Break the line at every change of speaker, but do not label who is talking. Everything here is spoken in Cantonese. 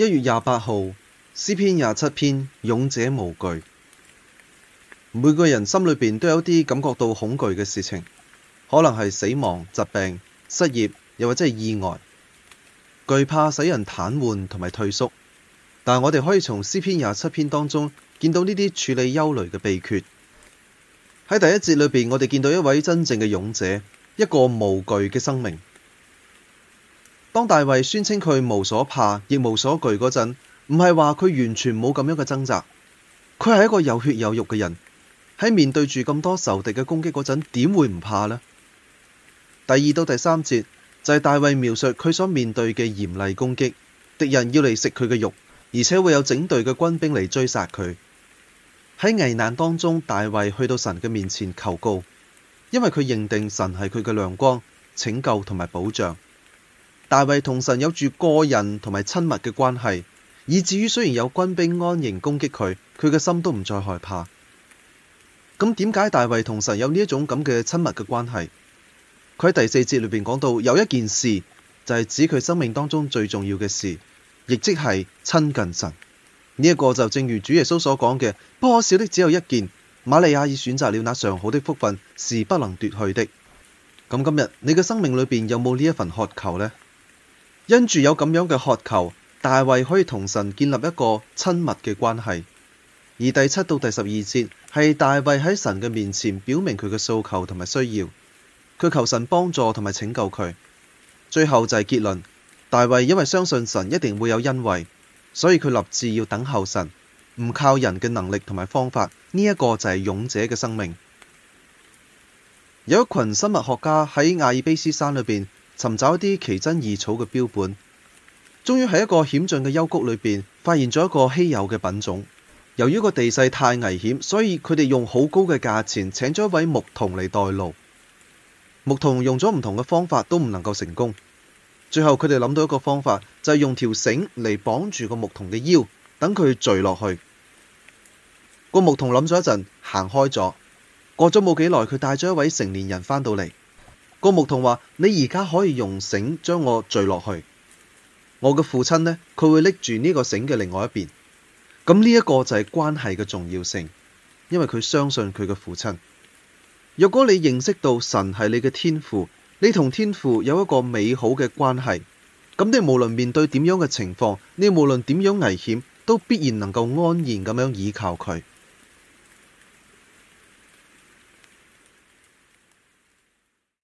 一月廿八號，詩篇廿七篇，勇者無懼。每個人心裏邊都有啲感覺到恐懼嘅事情，可能係死亡、疾病、失業，又或者係意外，懼怕使人癱瘓同埋退縮。但我哋可以從詩篇廿七篇當中見到呢啲處理憂慮嘅秘訣。喺第一節裏邊，我哋見到一位真正嘅勇者，一個無懼嘅生命。當大衛宣稱佢無所怕亦無所懼嗰陣，唔係話佢完全冇咁樣嘅掙扎，佢係一個有血有肉嘅人，喺面對住咁多仇敵嘅攻擊嗰陣，點會唔怕呢？第二到第三節就係大衛描述佢所面對嘅嚴厲攻擊，敵人要嚟食佢嘅肉，而且會有整隊嘅軍兵嚟追殺佢。喺危難當中，大衛去到神嘅面前求告，因為佢認定神係佢嘅亮光、拯救同埋保障。大衛同神有住個人同埋親密嘅關係，以至於雖然有軍兵安營攻擊佢，佢嘅心都唔再害怕。咁點解大衛同神有呢一種咁嘅親密嘅關係？佢喺第四節裏邊講到，有一件事就係指佢生命當中最重要嘅事，亦即係親近神呢，一個就正如主耶穌所講嘅，不可少的只有一件。瑪利亞已選擇了那上好的福分，是不能奪去的。咁今日你嘅生命裏邊有冇呢一份渴求呢？因住有咁樣嘅渴求，大衛可以同神建立一個親密嘅關係。而第七到第十二節係大衛喺神嘅面前表明佢嘅訴求同埋需要，佢求神幫助同埋拯救佢。最後就係結論，大衛因為相信神一定會有恩惠，所以佢立志要等候神，唔靠人嘅能力同埋方法。呢一個就係勇者嘅生命。有一群生物學家喺阿爾卑斯山裏邊。尋找一啲奇珍異草嘅標本，終於喺一個險峻嘅幽谷裏邊發現咗一個稀有嘅品種。由於個地勢太危險，所以佢哋用好高嘅價錢請咗一位牧童嚟代勞牧童用咗唔同嘅方法都唔能夠成功，最後佢哋諗到一個方法，就係、是、用條繩嚟綁住個牧童嘅腰，等佢墜落去。個牧童諗咗一陣，行開咗。過咗冇幾耐，佢帶咗一位成年人返到嚟。個牧童話：你而家可以用繩將我墜落去，我嘅父親呢，佢會拎住呢個繩嘅另外一邊。咁呢一個就係關係嘅重要性，因為佢相信佢嘅父親。若果你認識到神係你嘅天父，你同天父有一個美好嘅關係，咁你無論面對點樣嘅情況，你無論點樣危險，都必然能夠安然咁樣倚靠佢。